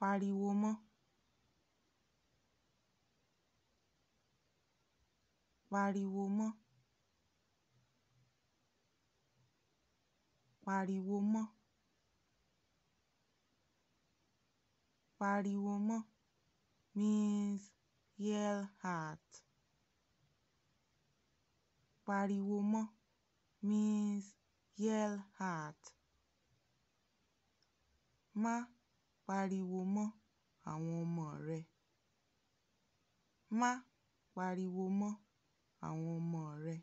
pariwo mọ́. Pariwo mọ́. Pariwo mọ́. Pariwo mọ́ means yell at. Pariwo mọ́ means yell at. Má pariwo mọ́ àwọn ọmọ rẹ. Má pariwo mọ́ àwọn ọmọ rẹ.